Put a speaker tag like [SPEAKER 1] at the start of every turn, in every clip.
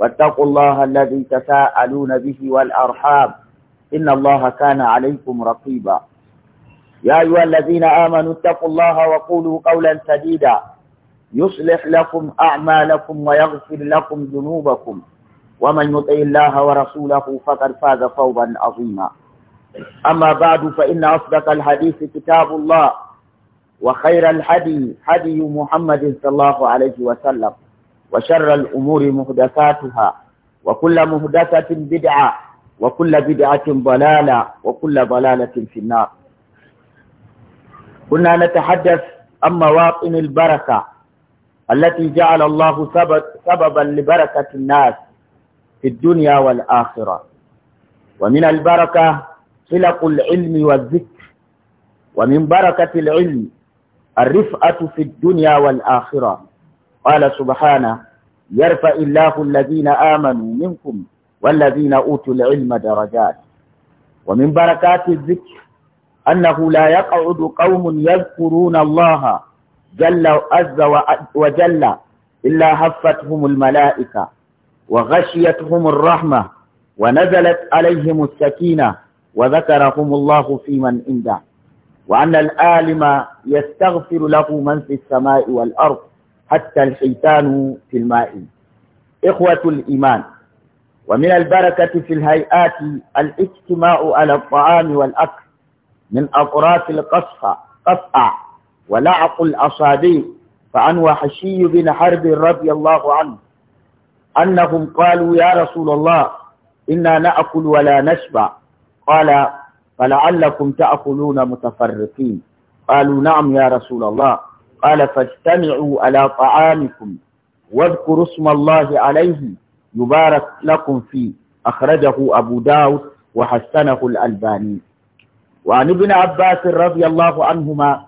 [SPEAKER 1] واتقوا الله الذي تساءلون به والأرحام إن الله كان عليكم رقيبا يا أيها الذين آمنوا اتقوا الله وقولوا قولا سديدا يصلح لكم أعمالكم ويغفر لكم ذنوبكم ومن يطع الله ورسوله فقد فاز فوضا عظيما أما بعد فإن أصدق الحديث كتاب الله وخير الحدي حدي محمد صلى الله عليه وسلم وشر الأمور مهدثاتها وكل مهدثة بدعة وكل بدعة ضلالة وكل ضلالة في النار كنا نتحدث عن مواطن البركة التي جعل الله سبب سببا لبركة الناس في الدنيا والآخرة ومن البركة خلق العلم والذكر ومن بركة العلم الرفعة في الدنيا والآخرة قال سبحانه يرفع الله الذين آمنوا منكم والذين أوتوا العلم درجات ومن بركات الذكر أنه لا يقعد قوم يذكرون الله جل عز وجل إلا هفتهم الملائكة وغشيتهم الرحمة ونزلت عليهم السكينة وذكرهم الله في من عنده وأن العالم يستغفر له من في السماء والأرض حتى الحيتان في الماء إخوة الإيمان ومن البركة في الهيئات الاجتماع على الطعام والأكل من أطراف القصفة قصع ولعق الأصابع فعن وحشي بن حرب رضي الله عنه أنهم قالوا يا رسول الله إنا نأكل ولا نشبع قال فلعلكم تأكلون متفرقين قالوا نعم يا رسول الله قال فاجتمعوا على طعامكم واذكروا اسم الله عليه يبارك لكم فيه أخرجه أبو داود وحسنه الألباني وعن ابن عباس رضي الله عنهما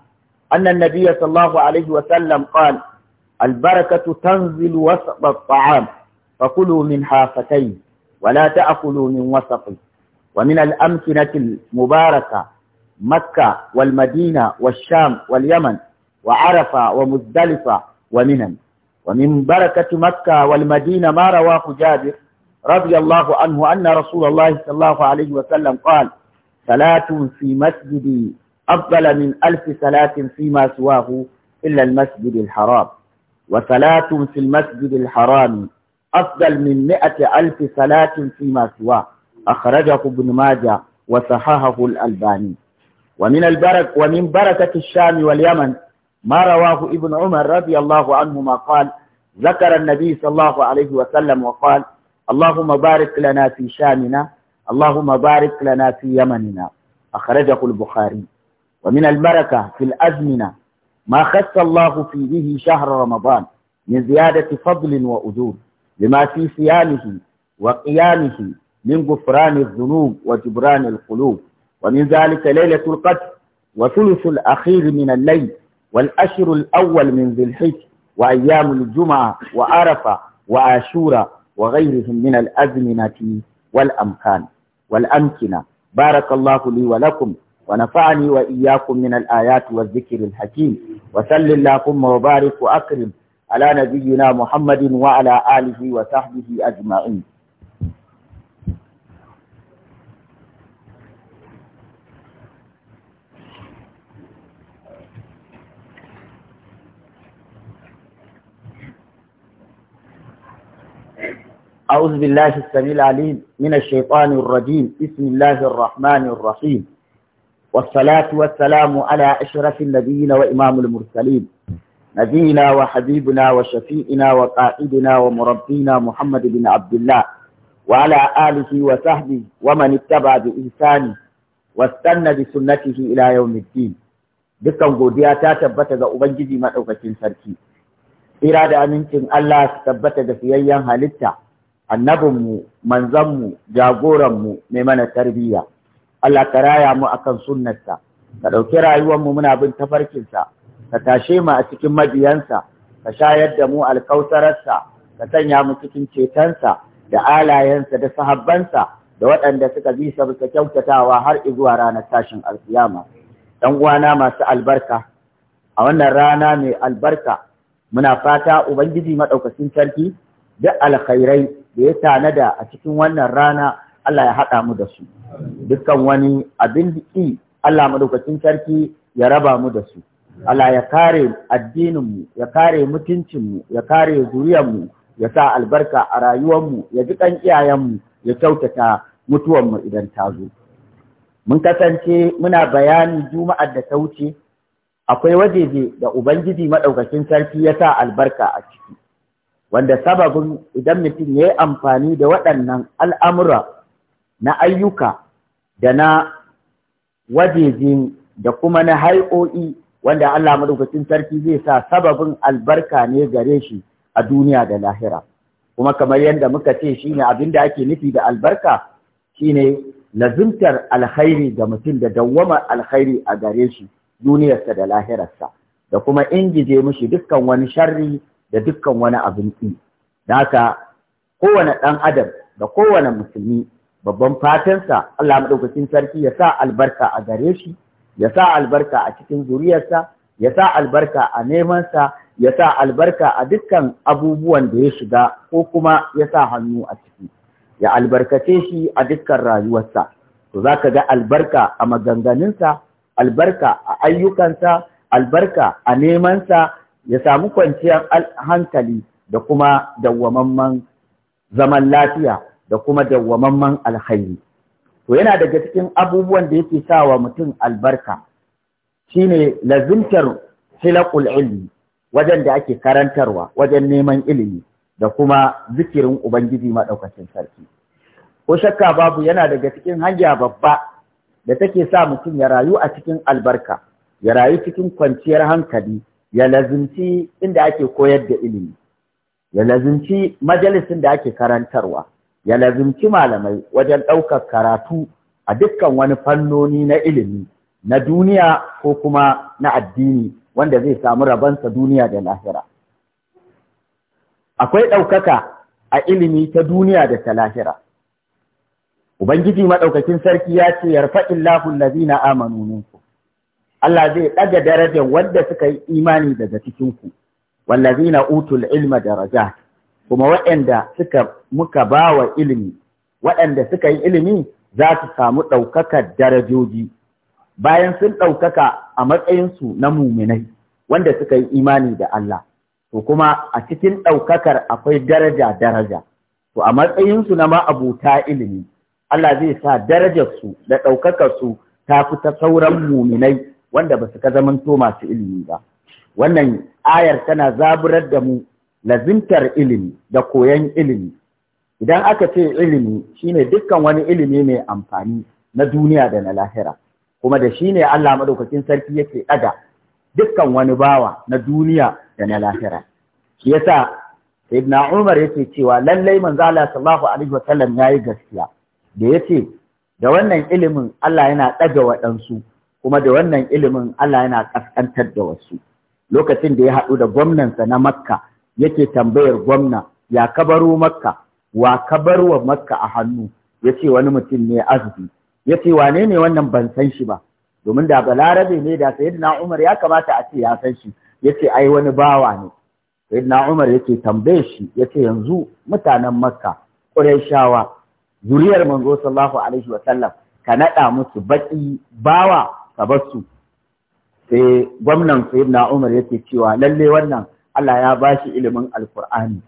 [SPEAKER 1] أن النبي صلى الله عليه وسلم قال البركة تنزل وسط الطعام فكلوا من حافتين ولا تأكلوا من وسطه ومن الأمكنة المباركة مكة والمدينة والشام واليمن وعرفة ومزدلفة ومنن ومن بركة مكة والمدينة ما رواه جابر رضي الله عنه أن رسول الله صلى الله عليه وسلم قال صلاة في مسجدي أفضل من ألف صلاة فيما سواه إلا المسجد الحرام وصلاة في المسجد الحرام أفضل من مئة ألف صلاة فيما سواه أخرجه ابن ماجه وصححه الألباني ومن البرك ومن بركة الشام واليمن ما رواه ابن عمر رضي الله عنهما قال ذكر النبي صلى الله عليه وسلم وقال اللهم بارك لنا في شامنا اللهم بارك لنا في يمننا أخرجه البخاري ومن البركة في الأزمنة ما خص الله في به شهر رمضان من زيادة فضل وأجور لما في صيامه وقيامه من غفران الذنوب وجبران القلوب ومن ذلك ليلة القدر وثلث الأخير من الليل والأشر الأول من ذي الحج وأيام الجمعة وعرفة وآشورة وغيرهم من الأزمنة والأمكان والأمكنة بارك الله لي ولكم ونفعني وإياكم من الآيات والذكر الحكيم وسل اللهم وبارك وأكرم على نبينا محمد وعلى آله وصحبه أجمعين أعوذ بالله السميع العليم من الشيطان الرجيم بسم الله الرحمن الرحيم والصلاة والسلام على أشرف النبيين وإمام المرسلين نبينا وحبيبنا وشفيئنا وقائدنا ومربينا محمد بن عبد الله وعلى آله وصحبه ومن اتبع بإنسانه واستنى بسنته إلى يوم الدين dukkan godiya ta tabbata ga Ubangiji maɗaukacin sarki. Tsira da amincin Allah su tabbata da fiyayyen halitta annabinmu manzanmu jagoranmu mai mana tarbiyya Allah ka raya mu akan sunnarsa ka ɗauki rayuwarmu muna bin tafarkinsa ka tashe mu a cikin mabiyansa ka shayar da mu alkautararsa ka sanya mu cikin cetonsa da alayensa da sahabbansa da waɗanda suka bi sa kyautatawa har izuwa ranar tashin alkiyama ɗan uwana masu albarka a wannan rana mai albarka muna fata ubangiji maɗaukacin sarki duk alkhairai da ya tanada a cikin wannan rana Allah ya haɗa mu da su dukkan wani abin ɗi Allah madaukakin sarki ya raba mu da su Allah ya kare addininmu ya kare mutuncinmu ya kare zuriyarmu ya sa albarka a rayuwarmu ya ji ɗan iyayenmu ya kyautata mutuwanmu idan ta zo mun kasance muna bayani juma'ar da ta wuce akwai wajeje da ubangiji maɗaukacin sarki ya sa albarka a ciki wanda sababin idan mutum ya yi amfani da waɗannan al'amura na ayyuka da na wajejin, da kuma na hai'o'i wanda Allah madaukakin sarki zai sa sababin albarka ne gare shi a duniya da lahira kuma kamar yadda muka ce shine abin da ake nufi da albarka shine lazimtar alkhairi ga mutum da dawwamar alkhairi a gare shi duniyarsa da lahirarsa da kuma ingije mishi dukkan wani sharri da dukkan wani abinci. ki kowane ɗan adam da kowane musulmi babban fatansa Allah maɗaukacin sarki ya sa albarka a gare shi ya sa albarka a cikin zuriyarsa ya sa albarka a nemansa ya sa albarka a dukkan abubuwan da ya shiga ko kuma ya sa hannu a ciki ya albarkace shi a dukkan rayuwarsa to za ka ga albarka a maganganunsa albarka a ayyukansa albarka a nemansa ya samu kwanciyar hankali da kuma dawwamamman zaman lafiya da kuma dawwamamman alkhairi to yana daga cikin abubuwan da yake wa mutum albarka shine lazimtar hilaqul ilmi wajen da ake karantarwa wajen neman ilimi da kuma zikirin ubangiji maɗaukacin sarki ko shakka babu yana daga cikin hanya babba da take sa mutum ya rayu a cikin albarka ya rayu cikin kwanciyar hankali ya lazimci inda ake koyar da ilimi ya lazimci majalisin da ake karantarwa ya lazimci malamai wajen ɗaukar karatu a dukkan wani fannoni na ilimi na duniya ko kuma na addini wanda zai samu rabansa duniya da lahira akwai ɗaukaka a ilimi ta duniya da ta lahira ubangiji maɗaukakin sarki ya ce yarfa illahu allazina amanu minkum Allah zai ɗaga darajar wanda suka yi imani daga cikinku, wallazina utul ilma daraja, kuma waɗanda suka muka ba wa ilimi, waɗanda suka yi ilimi za su samu ɗaukakar darajoji, bayan sun ɗaukaka a matsayinsu na muminai, wanda suka yi imani da Allah, to kuma a cikin ɗaukakar akwai daraja-daraja, to a matsayinsu na ma'abuta ilimi, Allah zai sa darajarsu da ɗaukakarsu ta fi ta sauran muminai wanda ba su ka zamanto masu ilimi ba wannan ayar tana zaburar da mu lazimtar ilimi da koyon ilimi idan aka ce ilimi shine dukkan wani ilimi mai amfani na duniya da na lahira kuma da shi ne Allah maɗaukakin sarki yake ɗaga dukkan wani bawa na duniya da na lahira shi yasa Ibn Umar yake cewa lallai manzo Allah sallallahu alaihi wasallam yayi gaskiya da yace da wannan ilimin Allah yana ɗaga waɗansu kuma da wannan ilimin Allah yana kaskantar da wasu lokacin da ya haɗu da gwamnansa na makka yake tambayar gwamna ya kabaro makka wa kabarwa makka a hannu ya ce wani mutum ne azubi ya ce wane ne wannan ban san shi ba domin da balarabe ne da sayyidina umar ya kamata a ce ya san shi ya ce ai wani bawa ne sayyidina umar yake tambaye shi ya ce yanzu mutanen makka ƙurayshawa zuriyar manzo sallallahu alaihi wa sallam ka naɗa musu baƙi bawa ka bar su sai gwamnan sayyidina Umar yake cewa lalle wannan Allah ya bashi ilimin alkur'ani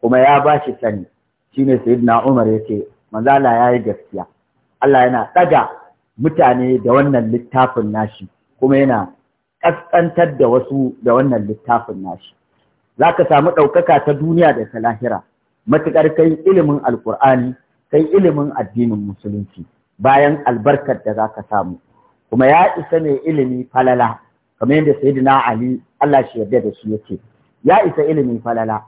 [SPEAKER 1] kuma ya bashi sani shine sayyidina Umar yake manzala yayi gaskiya Allah yana ɗaga mutane da wannan littafin nashi kuma yana ƙasƙantar da wasu da wannan littafin nashi za ka samu ɗaukaka ta duniya da ta lahira matuƙar kai ilimin alkur'ani kai ilimin addinin musulunci bayan albarkar da za ka samu kuma ya isa mai ilimi falala kamar yadda sayyidina ali Allah shi yarda da shi yake ya isa ilimi falala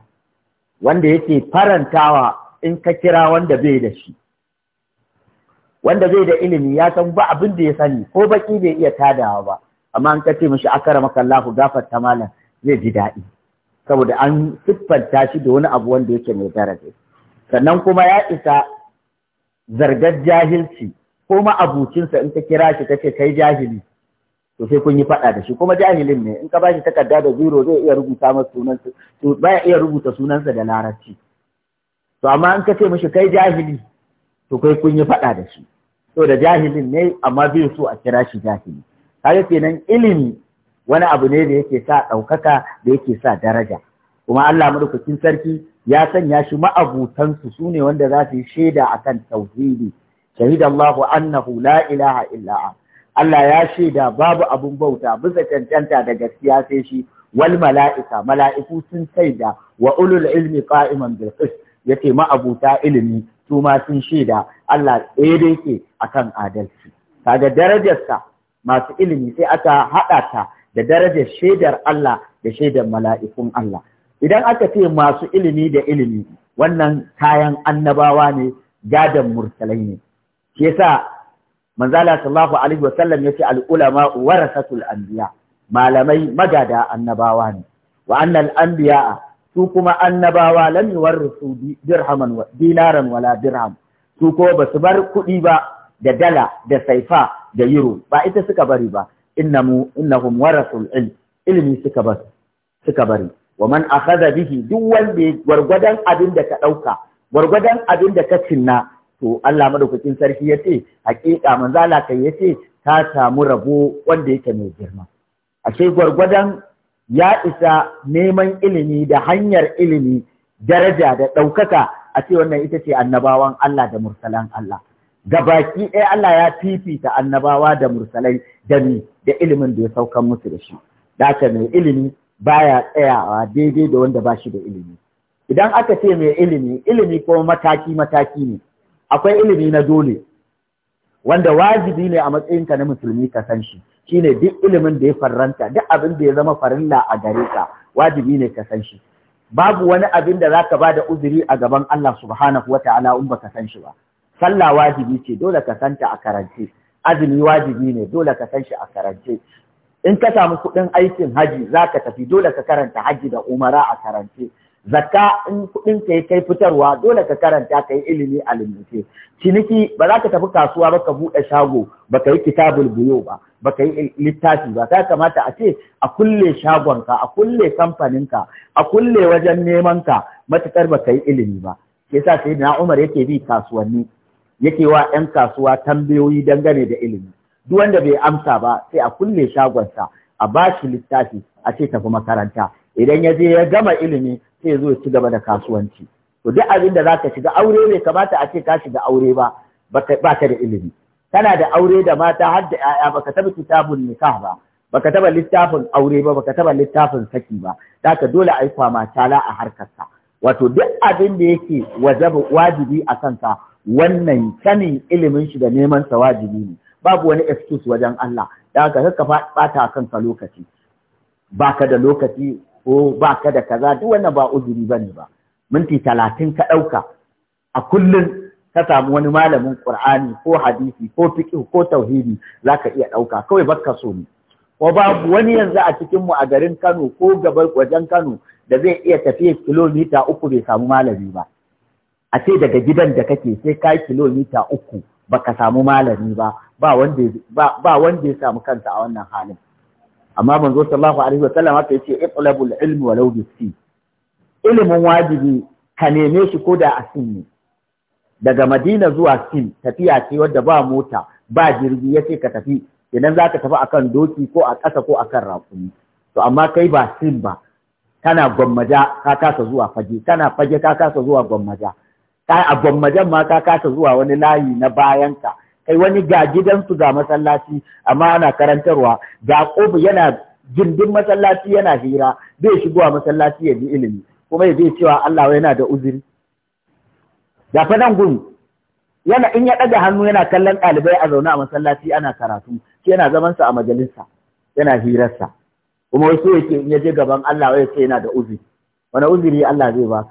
[SPEAKER 1] wanda yake farantawa in ka kira wanda bai da shi wanda bai da ilimi ya san ba abin da ya sani ko baki bai iya tadawa ba amma an kace mishi akara maka "Gafar ta malam zai ji daɗi saboda an siffanta shi da wani abu wanda yake mai daraja sannan kuma ya isa zargar jahilci ko ma in ta kira shi ta ce kai jahili to sai kun yi faɗa da shi kuma jahilin ne in ka bashi takarda da zero zai iya rubuta masa sunansa to baya iya rubuta sunansa da larabci to amma in ka ce mishi kai jahili to kai kun yi faɗa da shi to da jahilin ne amma bai so a kira shi jahili kaga kenan ilimi wani abu ne da yake sa ɗaukaka da yake sa daraja kuma Allah madaukakin sarki ya sanya shi ma'abutansu su ne wanda za su yi shaida akan tauhidi shahida annahu la ilaha illa Allah ya shaida babu abun bauta bisa cancanta da gaskiya sai shi wal mala'ika mala'iku sun shaida wa ulul ilmi qa'iman bil qist yace ma abuta ilimi su ma sun shaida Allah ɗaya da yake akan adalci kaga darajarsa masu ilimi sai aka haɗa ta da darajar shaidar Allah da shaidar mala'ikun Allah idan aka ce masu ilimi da ilimi wannan kayan annabawa ne gadon mursalai ne shi yasa manzala sallallahu alaihi wasallam yace al ulama warasatul anbiya malamai magada annabawa ne wa annal anbiya su kuma annabawa lami yuwarrisu dinaran wala dirham su ko basu bar kuɗi ba da dala da saifa da yiro ba ita suka bari ba innahum warasul ilmi suka bari suka bari wa man akhadha bihi duk wanda gwargwadon abin da ka ɗauka, gwargwadon abin da ka cinna to Allah madaukakin sarki ya ce hakika manzala kai ya ce ta samu rabo wanda yake mai girma ashe gwargwadon ya isa neman ilimi da hanyar ilimi daraja da ɗaukaka a ce wannan ita ce annabawan Allah da mursalan Allah ga baki ɗaya Allah ya fifita annabawa da mursalai da ni da ilimin da ya saukan musu da shi da mai ilimi baya tsayawa daidai da wanda ba shi da ilimi idan aka ce mai ilimi ilimi kuma mataki mataki ne akwai ilimi na dole wanda wajibi ne a matsayinka na musulmi ka san shi shine duk ilimin da ya farranta duk abin da ya zama farilla a gare ka wajibi ne ka san shi babu wani abin da zaka ba da uzuri a gaban Allah subhanahu wataala in baka san shi ba sallah wajibi ce dole ka santa a karance azumi wajibi ne dole ka san shi a karance in ka samu kuɗin aikin haji zaka tafi dole ka karanta haji da umara a karance zakka in kuɗin ka kai fitarwa dole ka karanta ka yi ilimi a limbuke ciniki ba za ka tafi kasuwa ba ka buɗe shago ba ka yi kitabul buyo ba ba ka yi littafi ba ka kamata a ce a kulle shagonka a kulle kamfaninka a kulle wajen neman ka matukar ba ka yi ilimi ba ke sa sai na umar yake bi kasuwanni yake wa 'yan kasuwa tambayoyi dangane da ilimi duk wanda bai amsa ba sai a kulle shagonsa a ba shi littafi a ce tafi makaranta idan ya je ya gama ilimi sai zo ya ci gaba da kasuwanci to duk abin da ka shiga aure bai kamata a ce ka shiga aure ba ba ka da ilimi kana da aure da mata har da ƴaƴa baka taɓa kitabun nikah ba baka taɓa littafin aure ba baka taɓa littafin saki ba haka dole a yi kwama tala a harkarsa wato duk abin da yake wajibi a kanka wannan sanin ilimin shi da neman sa wajibi ne babu wani excuse wajen Allah da haka ka bata kanka lokaci baka da lokaci ko ba ka da kaza duk wannan ba uzuri bane ba minti talatin ka ɗauka a kullum ka samu wani malamin ƙur'ani ko hadisi ko fiqh ko tauhidi zaka iya ɗauka kawai baka so ne ko babu wani yanzu a cikin mu a garin Kano ko gabar wajen Kano da zai iya tafiya kilomita uku bai samu malami ba a ce daga gidan da kake sai kai kilomita uku baka samu malami ba ba wanda ya samu kansa a wannan halin amma manzo sallallahu alaihi wasallam haka yace itlabul ilmi walau bisi ilimin wajibi ka neme shi ko da a sinni ne daga Madina zuwa Sin tafiya ce wadda ba mota ba jirgi yace ka tafi idan zaka tafi akan doki ko a ƙasa ko akan rakumi to amma kai ba Sin ba kana gwammaja ka kasa zuwa fage kana fage ka kasa zuwa gwammaja a gwammajan ma ka kasa zuwa wani layi na bayanka kai wani ga gidansu ga masallaci amma ana karantarwa ga kofu yana gindin masallaci yana hira zai shigowa masallaci ya ji ilimi kuma ya zai cewa Allah yana da uzuri da fa nan gun yana in ya ɗaga hannu yana kallon ɗalibai a zaune a masallaci ana karatu shi yana zaman sa a majalisa yana hirarsa kuma wasu yake in ya je gaban Allah ya ce yana da uzuri wani uzuri Allah zai baka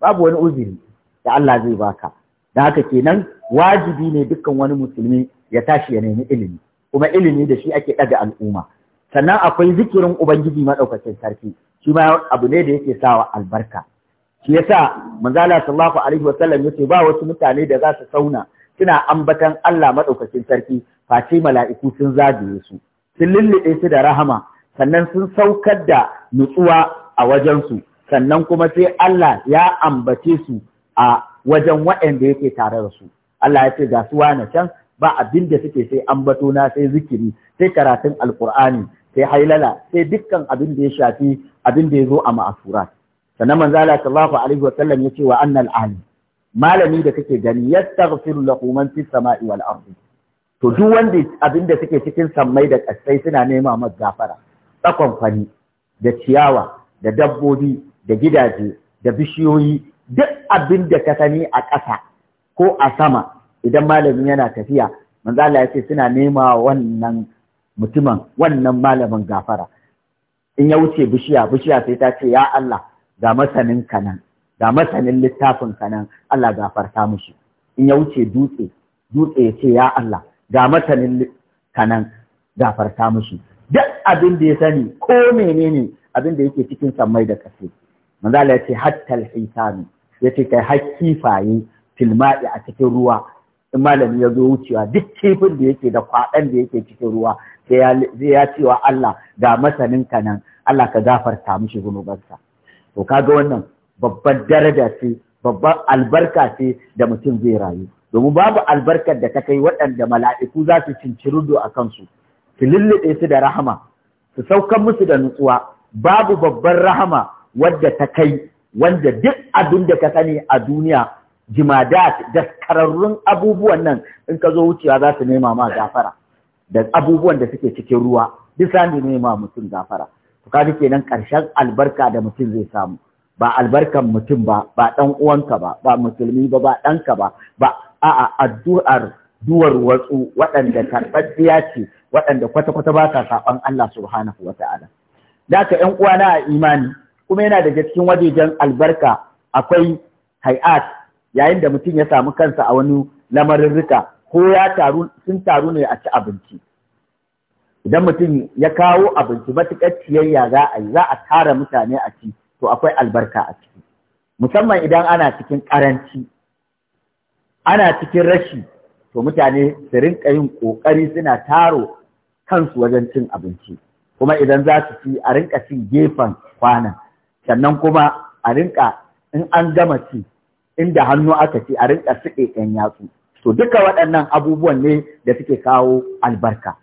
[SPEAKER 1] babu wani uzuri da Allah zai baka da haka kenan wajibi ne dukkan wani musulmi ya tashi ya nemi ilimi kuma ilimi da shi ake ɗaga al'umma sannan akwai zikirin ubangiji maɗaukacin sarki shi ma abu ne da yake sawa albarka shi yasa manzala sallallahu alaihi wa sallam yace ba wasu mutane da za su sauna suna ambatan Allah maɗaukacin sarki face mala'iku sun zagaye su sun lulluɗe su da rahama sannan sun saukar da nutsuwa a wajensu sannan kuma sai Allah ya ambace su a wajen waɗanda yake tare da su Allah ya ce ga su wane can ba abin da suke sai ambato na sai zikiri sai karatun alkur'ani sai hailala sai dukkan abin da ya shafi abin da ya zo a ma'asura sannan manzo Allah sallallahu alaihi wa sallam yace wa annal ahli malami da kake gani yastaghfiru lahu man fis sama'i wal ardi to duk wanda abin da suke cikin sammai da kasai suna nema masa gafara tsakon fani da ciyawa da dabbobi da gidaje da bishiyoyi duk abin da ka sani a ƙasa ko a sama idan malamin yana tafiya manzala Allah ya ce suna nema wannan mutumin wannan malamin gafara in ya wuce bishiya bishiya sai ta ce ya Allah ga masanin kanan ga masanin littafin kanan Allah gafarta mushi in ya wuce dutse dutse ya ce ya Allah ga masanin kanan gafarta mushi duk abin da ya sani ko menene abin da yake cikin sammai da kasai Manzala ya ce hatta al-hisani ya ce kai har kifaye filmaɗi a cikin ruwa in malami ya zo wucewa duk kifin da yake da kwaɗan da yake cikin ruwa sai ya ce wa Allah ga masanin ka nan Allah ka gafarta mishi zunubansa to kaga wannan babban daraja ce babban albarka ce da mutum zai rayu domin babu albarkar da ta kai waɗanda mala'iku za su do a kansu su lulluɗe su da rahama su saukan musu da nutsuwa babu babban rahama wadda ta kai wanda duk abin da ka sani a duniya jimadat da abubuwan nan in ka zo wucewa za su nema ma gafara da abubuwan da suke cikin ruwa duk sani nema mutum gafara to ji kenan karshen albarka da mutum zai samu ba albarkan mutum ba ba dan uwanka ba ba musulmi ba ba ɗanka ba ba a'a addu'ar duwar watsu waɗanda karɓaɗɗiya ce waɗanda kwata-kwata ba sa saɓan Allah subhanahu wa ta'ala. Da ka ‘yan uwana a imani, kuma yana daga cikin wajejen albarka akwai hay'at yayin da mutum ya samu kansa a wani lamarin rika ko ya taru sun taru ne a ci abinci idan mutum ya kawo abinci matuƙar ciyayya za a yi za a tara mutane a ci to akwai albarka a ciki musamman idan ana cikin ƙaranci ana cikin rashi to mutane su rinka yin ƙoƙari suna taro kansu wajen cin abinci kuma idan za su ci a rinka cin gefen kwanan sannan kuma a rinka in an gama ci inda hannu aka ci a rinka suke ɗan yatsu to duka waɗannan abubuwan ne da suke kawo albarka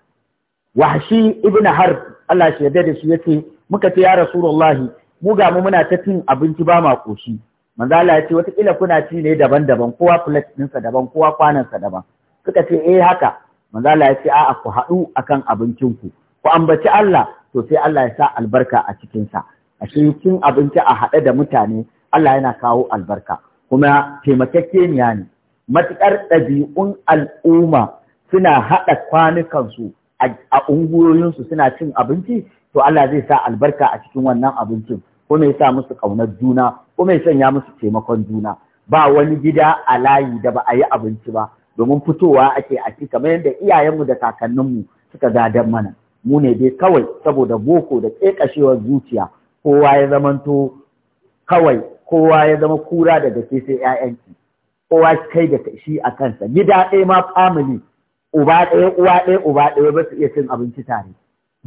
[SPEAKER 1] wahshi ibn har Allah shi yarda da shi yace muka ce ya rasulullahi mu ga mu muna ta cin abinci ba ma koshi manzo Allah ya ce wata kila kuna ci ne daban-daban kowa plate ɗinsa daban kowa kwanansa daban suka ce eh haka manzo Allah ya ce a'a ku haɗu akan abincinku ku ambaci Allah to sai Allah ya sa albarka a cikinsa. a cikin abinci a haɗe da mutane Allah yana kawo albarka kuma taimakekke ne matuƙar ɗabi'un al'umma suna haɗa kwanukansu a unguyoyinsu suna cin abinci to Allah zai sa albarka a cikin wannan abincin kuma ya sa musu ƙaunar juna kuma ya sanya musu taimakon juna ba wani gida a layi da ba a yi abinci ba domin fitowa ake a ci kamar yadda iyayenmu da kakanninmu suka gadon mana mu ne dai kawai saboda boko da ƙeƙashewar zuciya kowa ya zamanto kawai kowa ya zama kura daga gaske sai ƴaƴanki kowa kai da shi a kansa gida ɗaya ma family uba ɗaya uwa ɗaya uba ɗaya ba su iya cin abinci tare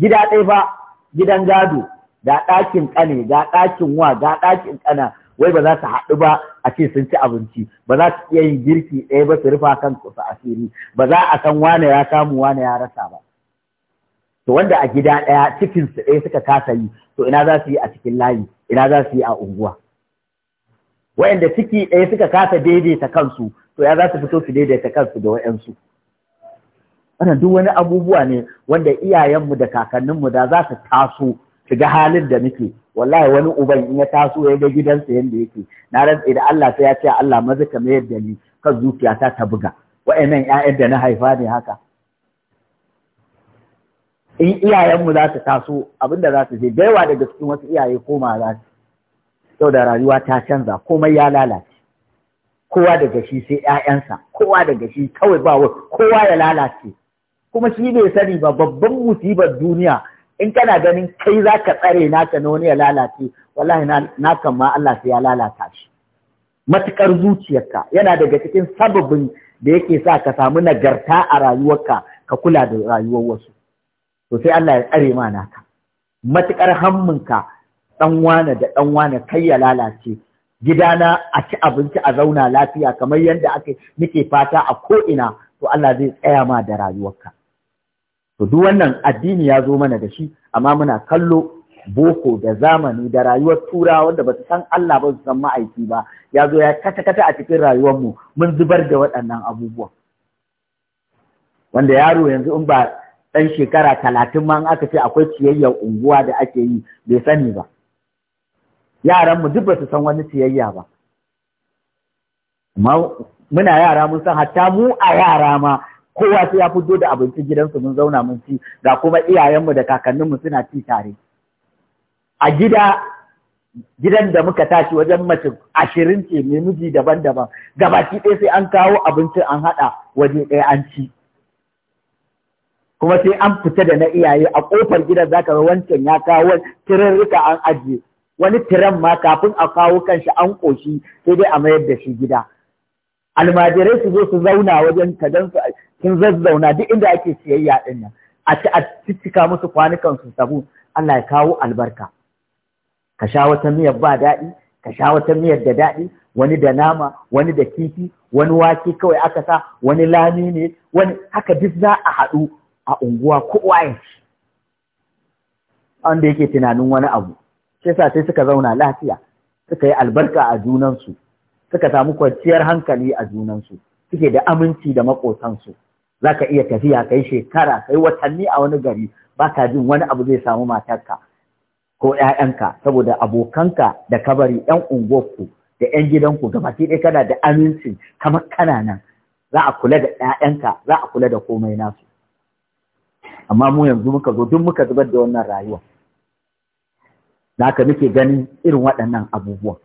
[SPEAKER 1] gida ɗaya ba gidan gado ga ɗakin ƙane ga ɗakin wa ga ɗakin ƙana wai ba za su haɗu ba a ce sun ci abinci ba za su iya yin girki ɗaya ba su rufa kan su asiri ba za a san wane ya samu wane ya rasa ba to wanda a gida ɗaya cikin su ɗaya suka kasa yi to ina za su yi a cikin layi ina za su yi a unguwa wayanda ciki ɗaya suka kasa daidaita kansu to ya za su fito su daidaita kansu da wayansu wannan duk wani abubuwa ne wanda iyayenmu da kakanninmu da za su taso su ga halin da muke wallahi wani uban in ya taso ya ga gidansa yadda yake na rantse da Allah sai ya ce Allah maza mai mayar da ni kan zuciyata ta buga wa'annan ƴaƴan da na haifa ne haka in iyayenmu za su taso abinda za su je da yawa daga cikin wasu iyaye koma za su yau da rayuwa ta canza komai ya lalace kowa daga shi sai 'ya'yansa kowa daga shi kawai ba kowa ya lalace kuma shi bai sani ba babban musibar duniya in kana ganin kai za ka tsare naka na wani ya lalace wallahi kan ma Allah sai ya lalata shi matukar zuciyarka yana daga cikin sababin da yake sa ka samu nagarta a rayuwarka ka kula da rayuwar wasu to sai Allah ya tsare ma naka matukar hamminka dan wane da dan wane kai ya lalace gidana a ci abinci a zauna lafiya kamar yadda ake nike fata a ko ina to Allah zai tsaya ma da rayuwarka to duk wannan addini ya zo mana da shi amma muna kallo boko da zamani da rayuwar tura wanda ba su san Allah ba su san ma'aiki ba ya zo ya kata kata a cikin rayuwarmu mun zubar da waɗannan abubuwa wanda yaro yanzu in ba ɗan shekara talatin ma aka ce akwai ciyayyar unguwa da ake yi bai sani ba yaranmu duk ba su san wani ciyayya ba muna yara mun san hatta mu a yara ma kowa sai ya fito da abinci gidansu mun zauna mun ci ga kuma iyayenmu da kakanninmu suna ci tare a gida gidan da muka tashi wajen mace ashirin ce mai miji daban-daban gabaki ɗaya sai an kawo abincin an haɗa waje ɗaya an ci kuma sai an fita da na iyaye a kofar gidan zaka ga wancan ya kawo rika an ajiye wani tiran ma kafin a kawo kanshi an koshi sai dai a mayar da shi gida almajirai su zo su zauna wajen don su kin zazzauna duk inda ake siyayya din nan a ci a cicika musu kwanukan su sabu Allah ya kawo albarka ka sha wata miyar ba daɗi ka sha wata miyar da daɗi wani da nama wani da kifi wani wake kawai aka sa wani lami ne wani haka duk za a haɗu a unguwa kowa ya wanda yake tunanin wani abu shi sa sai suka zauna lafiya suka yi albarka a junansu suka samu kwanciyar hankali a junansu suke da aminci da maƙotansu za ka iya tafiya ka yi shekara ka yi watanni a wani gari ba ka jin wani abu zai samu matarka ko ‘ya'yanka saboda abokanka da kabari ‘yan unguwarku da ‘yan gidanku baki ɗaya kana da aminci kamar kana nan za a kula da ‘ya'yanka za a kula da komai nasu amma mu yanzu muka zo duk muka zubar da wannan rayuwa da haka muke ganin irin waɗannan abubuwan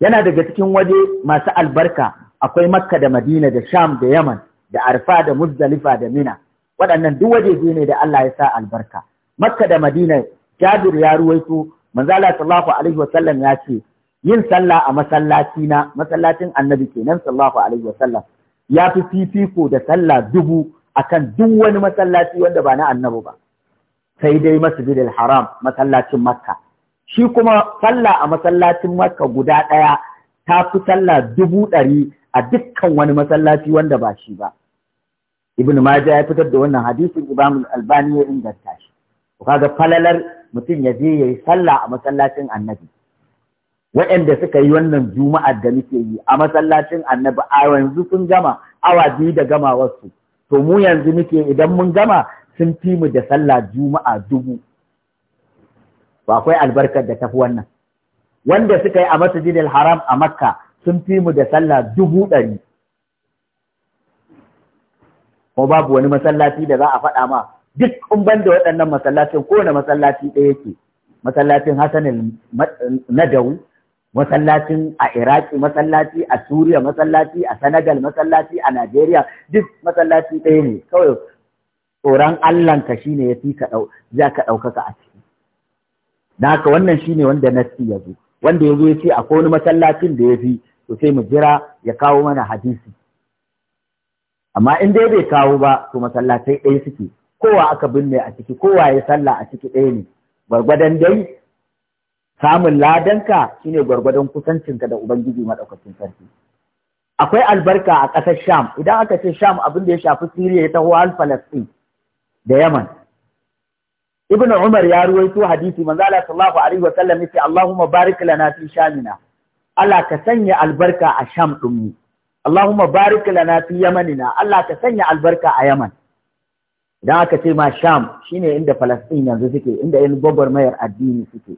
[SPEAKER 1] yana daga cikin waje masu albarka akwai makka da madina da sham da yaman da arfa da muzdalifa da mina waɗannan duk wajeje ne da Allah ya sa albarka makka da madina jabir ya ruwaito manzala sallallahu alaihi wasallam ya ce yin sallah a masallaci na masallacin annabi kenan sallallahu alaihi wasallam ya fi fifiko da sallah dubu akan duk wani masallaci wanda ba na annabi ba sai dai masjidil haram masallacin makka shi kuma sallah a masallacin makka guda ɗaya ta fi sallah dubu ɗari a dukkan wani masallaci wanda ba shi ba ibn maja ya fitar da wannan hadisin imam albani ya inganta shi kaga falalar mutum ya je yayi sallah a masallacin annabi waɗanda suka yi wannan juma'ar da muke yi a masallacin annabi a yanzu sun gama awa biyu da gamawarsu to mu yanzu muke idan mun gama sun fi mu da sallah juma'a dubu ba akwai albarkar da tafi wannan wanda suka yi a masjidil haram a makka sun fi mu da sallah dubu ɗari ko babu wani masallaci da za a faɗa ma duk in ban da waɗannan masallacin kowane masallaci ɗaya yake masallacin hasanin nadawu masallacin a iraki masallaci a suriya masallaci a senegal masallaci a najeriya duk masallaci ɗaya ne kawai tsoron allahnka shi ne ya fi za ka ɗaukaka a ciki da haka wannan shi ne wanda na ya zo wanda ya zo ya ce akwai wani masallacin da ya fi to sai mu jira ya kawo mana hadisi amma in dai bai kawo ba to masallatai ɗaya suke kowa aka binne a ciki kowa ya sallah a ciki ɗaya ne gwargwadon dai samun ladanka shine gwargwadon kusancinka da ubangiji maɗaukacin sarki akwai albarka a ƙasar sham idan aka ce sham abin da ya shafi siriya ya taho har falastin da yaman ibn umar ya ruwaito hadisi manzo Allah sallallahu alaihi wa sallam yace Allahumma barik lana fi shamina Allah ka sanya albarka a sham din mu Allahumma barik lana fi yamanina Allah ka sanya albarka a yaman idan aka ce ma sham shine inda falastin yanzu suke inda yan gwagwarmayar addini suke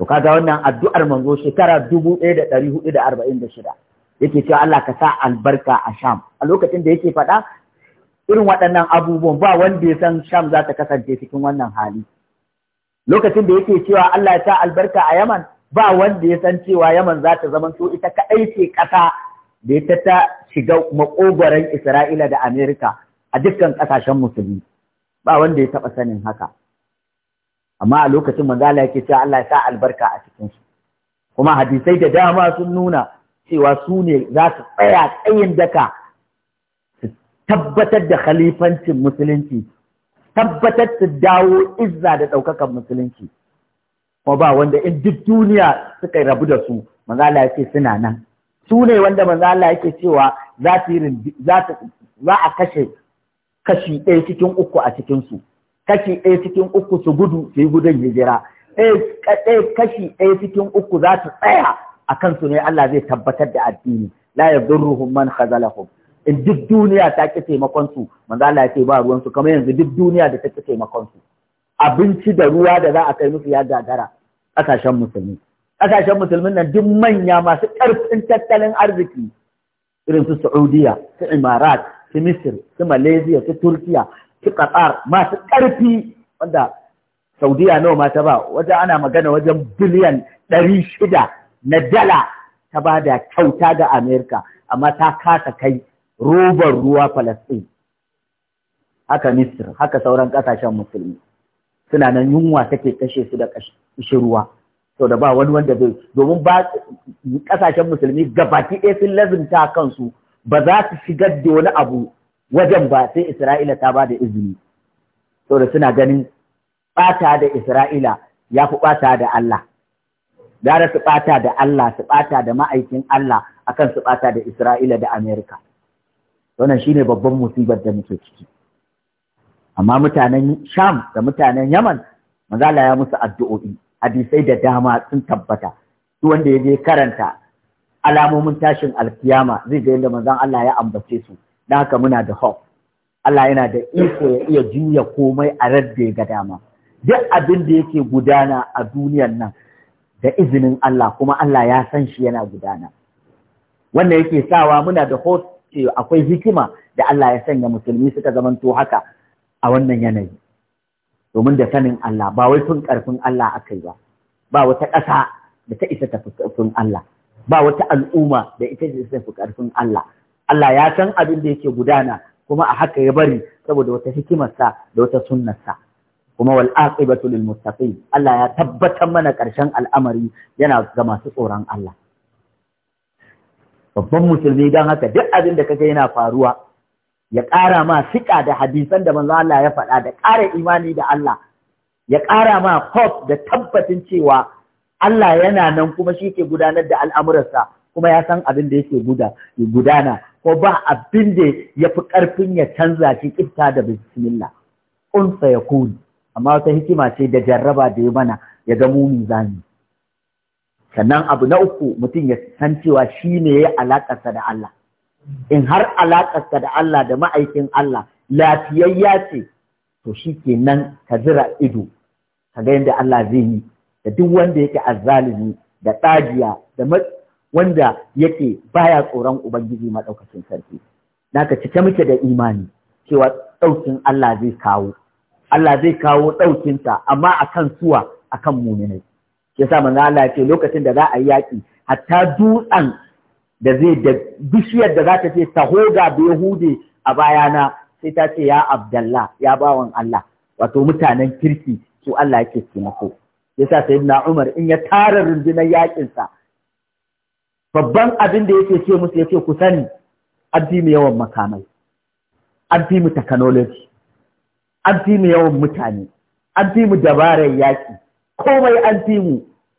[SPEAKER 1] to kaga wannan addu'ar manzo shekara 1446 yake cewa Allah ka sa albarka a Sham a lokacin da yake faɗa irin waɗannan abubuwan ba wanda ya san Sham za ta kasance cikin wannan hali lokacin da yake cewa Allah ya sa albarka a Yaman ba wanda ya san cewa Yaman za ta zama so ita kaɗai ce ƙasa da ita ta shiga makogoron Isra'ila da Amerika a dukkan ƙasashen musulmi ba wanda ya taɓa sanin haka amma a lokacin manzala yake cewa Allah ya sa albarka a cikin su kuma hadisai da dama sun nuna cewa su ne za su tsaya tsayin daka su tabbatar da khalifancin musulunci tabbatar su dawo izza da ɗaukakan musulunci kuma ba wanda in duk duniya suka rabu da su manzala yake suna nan su ne wanda manzala yake cewa za su za a kashe kashi ɗaya cikin uku a cikinsu kashi ɗaya cikin uku su gudu su yi gudun hijira ɗaya eh, eh, kashi ɗaya cikin uku za su tsaya a kansu ne Allah zai tabbatar da addini la ruhun man khazalahum in duk duniya ta ki taimakon su manzo Allah ya ce ba ruwan su kamar yanzu duk duniya da ta ki taimakon su abinci da ruwa da za a kai musu ya gagara ƙasashen musulmi ƙasashen musulmin nan duk manya masu ƙarfin tattalin arziki irin su Saudiya su Imarat su Misir su Malaysia su Turkiya su Qatar masu ƙarfi wanda Saudiya nawa ma ta ba wajen ana magana wajen biliyan ɗari shida na dala ta ba da kyauta ga Amerika amma ta kasa kai roban ruwa Falasɗin. Haka Misir, haka sauran ƙasashen musulmi. Suna nan yunwa take kashe su da kashe ruwa. Sau da ba wani wanda zai domin ba ƙasashen musulmi gabaki ɗaya sun lazimta kansu ba za su shigar da wani abu wajen ba sai Isra'ila ta ba da izini saboda suna ganin ɓata da Isra'ila ya fi ɓata da Allah gara su ɓata da Allah su ɓata da ma'aikin Allah akan su ɓata da Isra'ila da Amerika wannan ne babban musibar da muke ciki amma mutanen Sham da mutanen Yaman manzala ya musu addu'o'i hadisai da dama sun tabbata Su wanda ya je karanta alamomin tashin alkiyama zai ga yadda manzan Allah ya ambace su da haka muna da hope Allah yana da iko ya iya juya komai a radda ga dama duk abin da yake gudana a duniyar nan da izinin Allah kuma Allah ya san shi yana gudana wannan yake sawa muna da hope ce akwai hikima da Allah ya sanya musulmi suka zamanto haka a wannan yanayi domin da sanin Allah ba wai sun karfin Allah akai ba ba wata ƙasa da ta isa ta fi karfin Allah ba wata al'umma da ita ce ta fi karfin Allah Allah ya san abin da yake gudana kuma a haka ya bari saboda wata hikimarsa da wata sunnarsa kuma wal aqibatu lil muttaqin Allah ya tabbatar mana ƙarshen al'amari yana ga masu tsoron Allah babban musulmi don haka duk abin da kaga yana faruwa ya ƙara ma siƙa da hadisan da manzo Allah ya faɗa da ƙara imani da Allah ya ƙara ma hope da tabbatin cewa Allah yana nan kuma shi ke gudanar da al'amuransa kuma ya san abin da yake gudana ko ba abin da ya fi ƙarfin ya canza shi ƙifta da bismillah unsa ya kuni amma wata hikima ce da jarraba da ya mana ya ga mu zani sannan abu na uku mutum ya san cewa shi ne ya yi alaƙarsa da Allah in har alaƙarsa da Allah da ma'aikin Allah lafiyayya ce to shi ke nan ka zira ido ka ga yadda Allah zai yi da duk wanda yake azzalimi da ɗajiya da wanda yake baya tsoron ubangiji maɗaukacin sarki naka cike muke da imani cewa ɗaukin Allah zai kawo Allah zai kawo ɗaukinsa amma a kan suwa akan muminai Ke yasa manzo Allah ce lokacin da za a yi yaƙi hatta dutsen da zai da bishiyar da za ta ce tahoga da Yahudi a bayana sai ta ce ya Abdallah ya bawan Allah wato mutanen kirki su Allah yake taimako sa sayyidina Umar in ya tara rundunar yaƙinsa babban abin da yake ce musu yake ku sani an fi mu yawan makamai an fi mu technology an fi mu yawan mutane an fi mu dabarar yaki komai an fi mu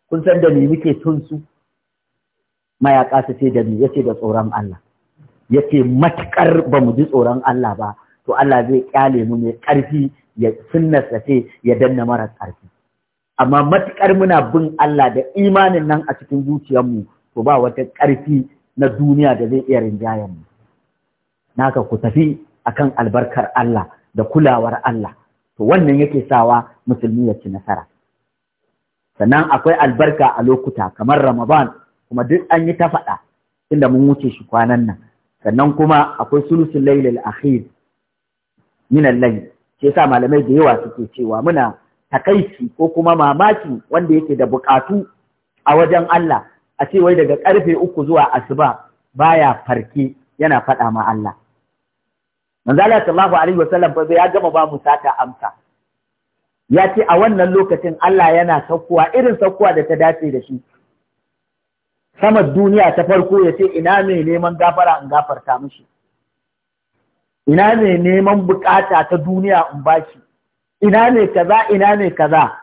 [SPEAKER 1] kun san da ni muke tun su mayaka su ce da ni yace da tsoron Allah yace matukar ba mu ji tsoron Allah ba to Allah zai ƙyale mu mai karfi ya sunnarsa ya danna mara karfi amma matukar muna bin Allah da imanin nan a cikin zuciyarmu to ba wata ƙarfi na duniya da zai iya rinjayen mu naka ku tafi akan albarkar Allah da kulawar Allah to wannan yake sawa musulmi ya ci nasara sannan akwai albarka a lokuta kamar Ramadan kuma duk an yi ta faɗa inda mun wuce shi kwanan nan sannan kuma akwai sulusul lailal akhir min al-layl sai sa malamai da yawa suke cewa muna takaici ko kuma mamaki wanda yake da bukatu a wajen Allah a ce wai daga karfe uku zuwa asuba baya farke yana faɗa ma Allah manzo Allah sallallahu alaihi sallam fa ya gama ba mu sata amsa ya ce a wannan lokacin Allah yana saukowa irin saukowa da ta dace da shi sama duniya ta farko ya ce ina mai neman gafara in gafarta mishi ina ne neman bukata ta duniya in bashi ina ne kaza ina ne kaza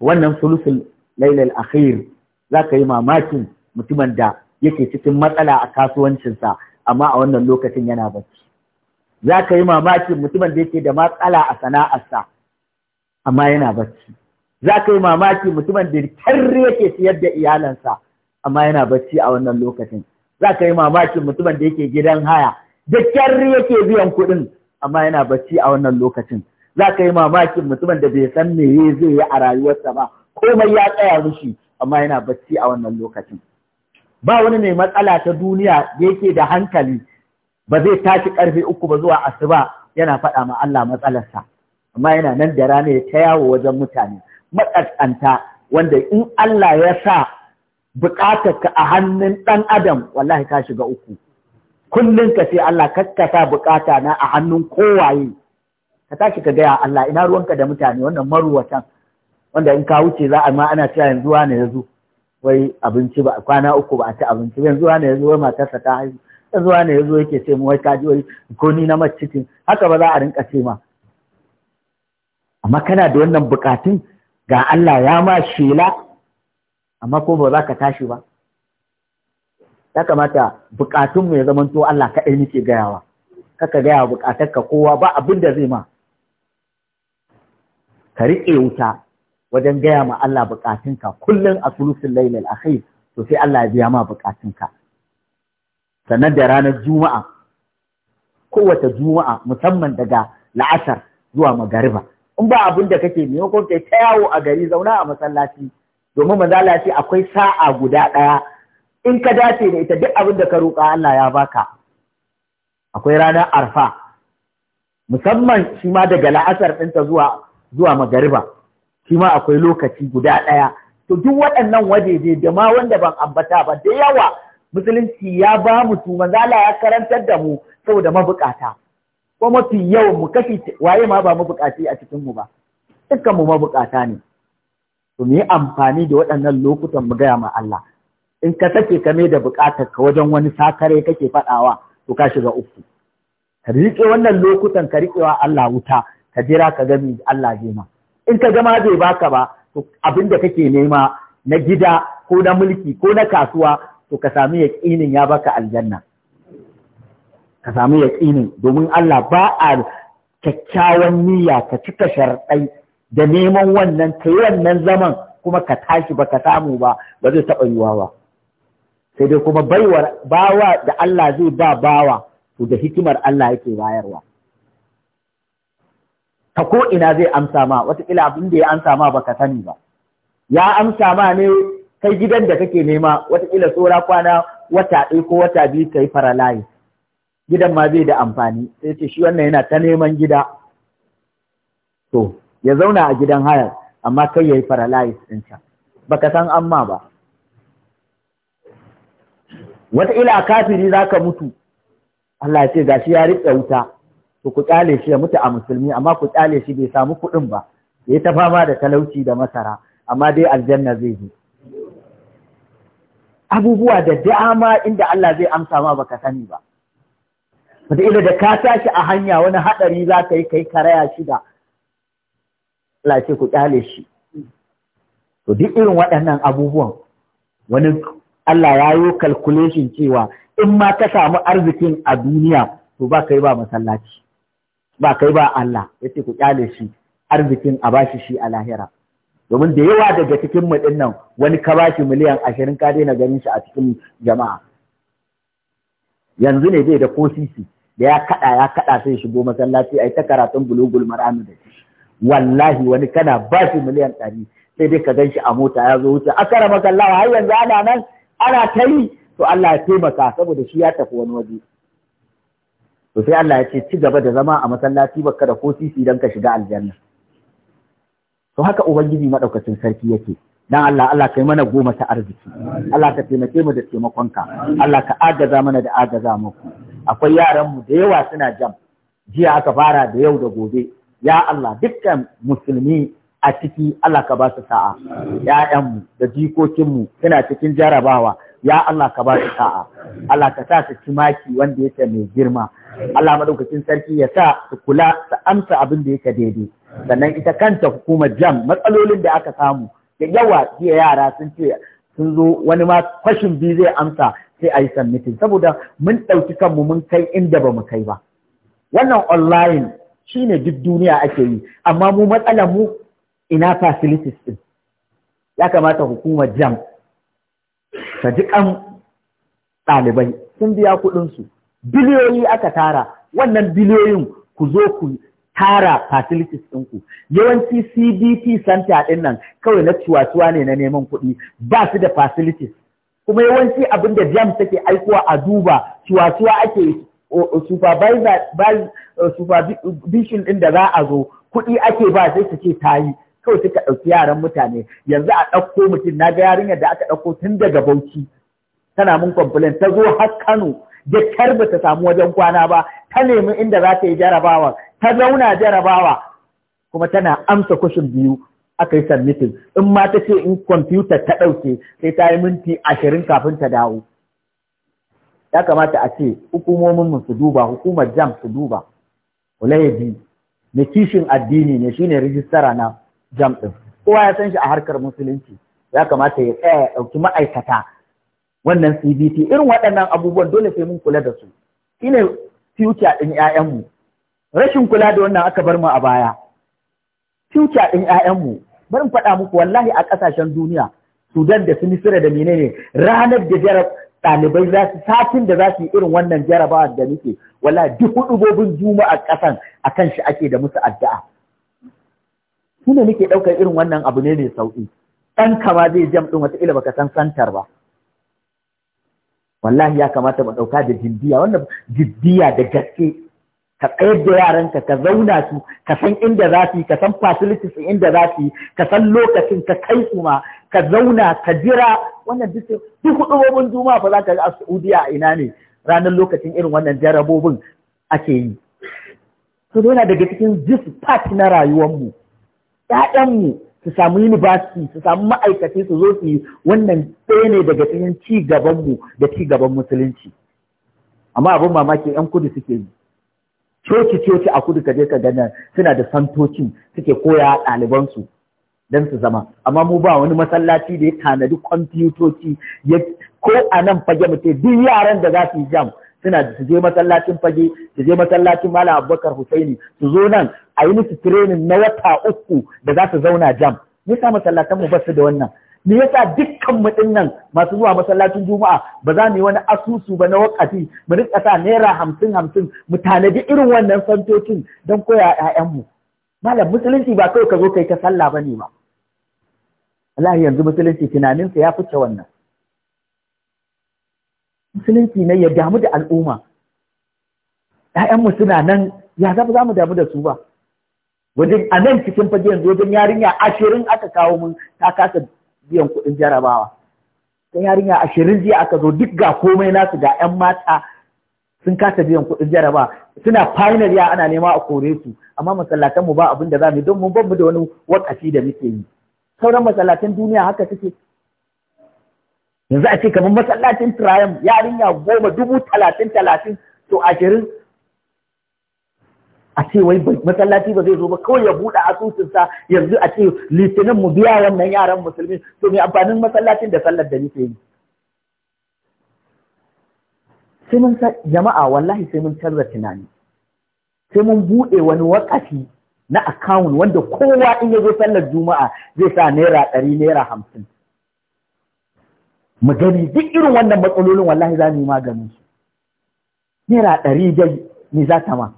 [SPEAKER 1] wannan sulusul lailal akhir za ka yi mamakin mutumin da yake cikin matsala a kasuwancinsa amma a wannan lokacin yana bacci za ka yi mamakin mutumin da yake da matsala a sana'arsa amma yana bacci za ka yi mamakin mutumin da kyarre yake siyar da iyalansa amma yana bacci a wannan lokacin za ka yi mamakin mutumin da yake gidan haya da kyarre yake biyan kuɗin amma yana bacci a wannan lokacin za ka yi mamakin mutumin da bai san me zai yi a rayuwarsa ba komai ya tsaya mishi amma yana bacci a wannan lokacin ba wani mai matsala ta duniya da yake da hankali ba zai tashi karfe uku ba zuwa asuba yana faɗa ma Allah matsalarsa amma yana nan da rana ya ta yawo wajen mutane matsakanta wanda in Allah ya sa buƙatarka a hannun ɗan adam wallahi ka shiga uku kullum ka ce Allah sa bukata na a hannun kowaye ka tashi ka gaya Allah ina ruwanka da mutane wannan maruwatan wanda in ka wuce za a ma ana cewa yanzu wane ya zo wai abinci ba kwana uku ba a ci abinci yanzu wane ya zo wai matarsa ta haihu yanzu wane ya zo yake ce mu wai kaji wai ko ni na macikin haka ba za a rinka ce ma amma kana da wannan bukatun ga Allah ya ma shela amma ko ba za ka tashi ba ya kamata bukatun mu ya zamanto Allah kaɗai nake gayawa kaka gaya bukatar ka kowa ba abin da zai ma ka riƙe wuta wajen gaya ma Allah bukatunka kullum a sulusul lailil akhir to sai Allah ya biya ma bukatunka sannan da ranar juma'a kowace juma'a musamman daga la'asar zuwa magariba in ba abin da kake ko kai ta yawo a gari zauna a masallaci domin manzala akwai sa'a guda ɗaya in ka dace da ita duk abin da ka roƙa Allah ya baka akwai ranar arfa musamman shi ma daga la'asar ɗinta zuwa zuwa magariba shi ma akwai lokaci guda ɗaya to duk waɗannan wajeje da ma wanda ban ambata ba da yawa musulunci ya ba mu su manzala ya karantar da mu saboda mabukata ko mafi yawan mu kashi waye ma ba mabukaci a cikin mu ba dukkan mu mabukata ne to me amfani da waɗannan lokutan mu gaya ma Allah in ka sake ka mai da bukatar ka wajen wani sakare kake faɗawa to ka shiga uku ka riƙe wannan lokutan ka riƙewa Allah wuta ka jira ka ga Allah zai ma in ka gama zai baka ba to abin da kake nema na gida ko na mulki ko na kasuwa to ka sami yaƙinin ya baka aljanna ka sami yaƙinin domin Allah ba a kyakkyawan niyya ka cika sharɗai da neman wannan ta yi wannan zaman kuma ka tashi ba ka samu ba ba zai taɓa yiwa ba sai dai kuma baiwar bawa da Allah zai ba bawa to da hikimar Allah yake bayarwa ta ko ina zai amsa ma watakila abin da ya amsa ma baka sani ba ya amsa ma ne kai gidan da kake nema watakila tsora kwana wata ɗaya ko wata biyu ka yi faralayi. gidan ma zai da amfani sai ce shi wannan yana ta neman gida to ya zauna a gidan hayar amma kai ya yi faralayi sun can baka san amma ba wataƙila a kafiri ka mutu Allah ya ce gashi ya riƙe wuta to ku kyale shi ya mutu a musulmi amma ku kyale shi bai samu kuɗin ba ya ta fama da talauci da masara amma dai aljanna zai je abubuwa da dama inda Allah zai amsa ma baka sani ba ila da ka tashi a hanya wani haɗari za ka yi kai karaya shida Allah ce ku kyale shi to duk irin waɗannan abubuwan wani Allah ya yi calculation cewa in ma ka samu arzikin a duniya to ba yi ba masallaci ba kai ba Allah yace ku kyale shi arzikin a bashi shi a lahira domin da yawa daga cikin mu nan wani ka bashi miliyan ashirin ka daina ganin shi a cikin jama'a yanzu ne bai da ko sisi da ya kaɗa ya kaɗa sai shigo masallaci a yi ta karatun bulugul marami da shi wallahi wani kana bashi miliyan ɗari sai dai ka gan shi a mota ya zo wuce akara masallawa har yanzu ana nan ana ta yi to Allah ya taimaka saboda shi ya tafi wani waje to sai Allah ya ce ci gaba da zama a masallaci baka da ko sisi dan ka shiga aljanna to haka ubangiji madaukakin sarki yake dan Allah Allah kai mana goma ta arziki Allah ka taimake mu da taimakon ka Allah ka agaza mana da agaza muku akwai yaran mu da yawa suna jam jiya aka fara da yau da gobe ya Allah dukkan musulmi a ciki Allah ka ba su sa'a mu da jikokin mu suna cikin jarabawa ya Allah ka ba su sa'a Allah ka sa su ci maki wanda yake mai girma Allah madaukakin sarki ya sa su kula su amsa abin da yake daidai sannan ita kanta hukumar jam matsalolin da aka samu da yawa jiya yara sun ce sun zo wani ma kwashin biyu zai amsa sai a yi submitting saboda mun ɗauki kanmu mun kai inda ba mu kai ba wannan online shi ne duk duniya ake yi amma mu matsalar mu ina facilities ɗin ya kamata hukumar jam ta ji ɗalibai sun biya kuɗinsu biliyoyi aka tara wannan biliyoyin ku zo ku tara facilities ɗinku yawanci CBT center ɗin nan kawai na ciwatuwa ne na neman kuɗi ba su da facilities kuma yawanci abin da jam take aikowa a duba ciwatuwa ake supervision ɗin da za a zo kuɗi ake ba sai su ce ta yi kawai suka ɗauki yaran mutane yanzu a ɗauko mutum na ga yarinyar da aka ɗauko tun daga bauchi tana mun complain ta zo har Kano jakar ba ta samu wajen kwana ba ta nemi inda za ta yi jarabawa ta zauna jarabawa kuma tana amsa kushin biyu aka yi submitting in ma ta ce in kwamfuta ta ɗauke sai ta yi minti ashirin kafin ta dawo ya kamata a ce hukumomin su duba hukumar jam su duba ulayabi mai kishin addini ne shine rijistara na jam ɗin kowa ya san shi a harkar musulunci ya kamata ya tsaya ya ɗauki ma'aikata wannan CBT irin waɗannan abubuwan dole sai mun kula da su shine future ɗin 'ya'yanmu rashin kula da wannan aka bar mu a baya future ɗin 'ya'yanmu bari mu faɗa muku wallahi a ƙasashen duniya Sudan da sinisira da menene ranar da jarab ɗalibai za su satin da za su yi irin wannan jarabawa da muke wala duk hudubobin juma'a ƙasan a kan shi ake da musu addu'a shine nake muke ɗaukar irin wannan abu ne mai sauƙi ɗan kama zai jam ɗin wata ila baka san santar ba wallahi ya kamata mu ɗauka da jindiya wannan jiddiya da gaske ka tsayar da yaranka ka zauna su ka san inda za su yi ka san facilities inda za su yi ka san lokacin ka kai su ma ka zauna ka jira wannan duk duk hudubobin juma'a fa za ka ga a Saudiya a ina ne ranar lokacin irin wannan jarabobin ake yi to yana daga cikin this part na rayuwarmu ƴaƴanmu su samu university su samu ma'aikaci su zo su yi wannan ɗaya ne daga cikin ci gabanmu da ci gaban musulunci amma abin mamaki yan kudu suke yi coci coci a kudu ka je ka gana suna da santocin suke koya ɗalibansu don su zama amma mu ba wani masallaci da ya tanadi kwamfutoci ko a nan fage mutum duk yaran da za su yi jam suna su je masallacin fage su je masallacin malam abubakar Hussaini su zo nan a yi musu training na wata uku da za su zauna jam me yasa masallatan mu ba su da wannan me yasa dukkan mu nan masu zuwa masallacin juma'a ba za mu yi wani asusu ba na wakati mu rika sa naira hamsin hamsin mu tanadi irin wannan santocin don koya ƴaƴanmu malam musulunci ba kawai ka zo kai ta sallah ba ne ba wallahi yanzu musulunci tunaninsa ya fice wannan musulunci ne ya damu da al'umma ‘ya'yanmu suna nan ya zama za mu damu da su ba wajen a nan cikin fage yanzu wajen yarinya ashirin aka kawo mun ta kasa biyan kuɗin jarabawa ta yarinya ashirin jiya aka zo duk ga komai nasu ga 'yan mata sun kasa biyan kuɗin jaraba suna final ya ana nema a kore su amma masallatan mu ba abin da za mu don mun mu da wani wakafi da muke yi sauran masallatan duniya haka take yanzu a ce kamar masallacin triumph yarinya goma dubu talatin talatin to ashirin a ce wai masallaci ba zai zo ba kawai ya buɗe asusunsa yanzu a ce litinin mu biya wannan yaran musulmi to mai amfanin masallacin da sallar da ni yi sai mun jama'a wallahi sai mun canza tunani sai mun buɗe wani wakafi na akawun wanda kowa in ya zo sallar juma'a zai sa naira ɗari naira hamsin mu gani duk irin wannan matsalolin wallahi za mu yi maganin su naira ɗari dai ni za ta ma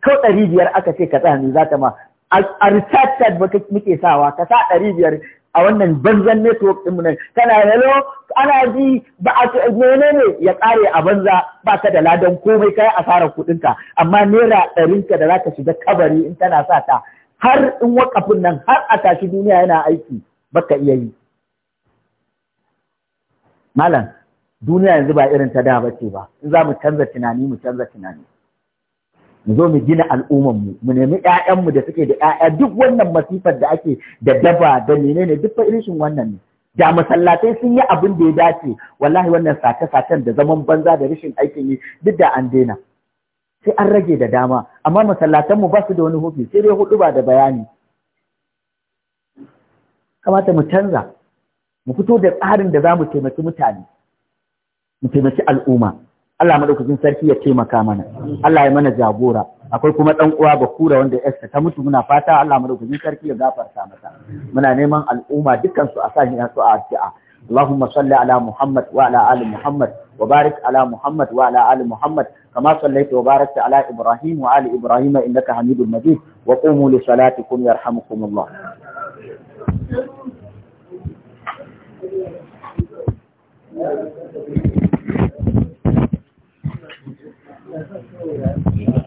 [SPEAKER 1] Kau ɗari biyar aka ce ka tsaya ne za ta ma a recharge ba muke sawa ka sa ɗari biyar a wannan banzan network ɗin mu nan kana hello ana ji ba a ne? ya ƙare a banza ba ka da ladan komai kai asarar kuɗinka amma naira ɗarinka da za ka shiga kabari in tana sa ta har in wakafin nan har a tashi duniya yana aiki ka iya yi malam duniya yanzu ba irin ta da ba ce ba in za mu canza tunani mu canza tunani mu zo mu gina al'umman mu mu nemi ƴaƴan da suke da ƴaƴa duk wannan masifar da ake da daba da menene duk fa irin wannan ne da masallatai sun yi abin da ya dace wallahi wannan sace-sacen da zaman banza da rashin aikin yi duk da an daina sai an rage da dama amma masallatanmu ba su da wani hufi sai dai hudu ba da bayani kamata mu canza mu fito da tsarin da za mu taimaki mutane mu taimaki al'umma Allah madaukakin sarki ya taimaka mana Allah ya mana jagora akwai kuma dan uwa bakura wanda yarsa ta mutu muna fata Allah madaukakin sarki ya gafarta mata muna neman al'umma dukkan su a sa ni su a addu'a Allahumma salli ala Muhammad wa ala ali Muhammad wa ala Muhammad wa ala ali Muhammad kama sallaita wa barakta ala Ibrahim wa ali Ibrahim innaka Hamidul Majid wa qumu li salatikum yarhamukumullah Thank you. 也是十五元。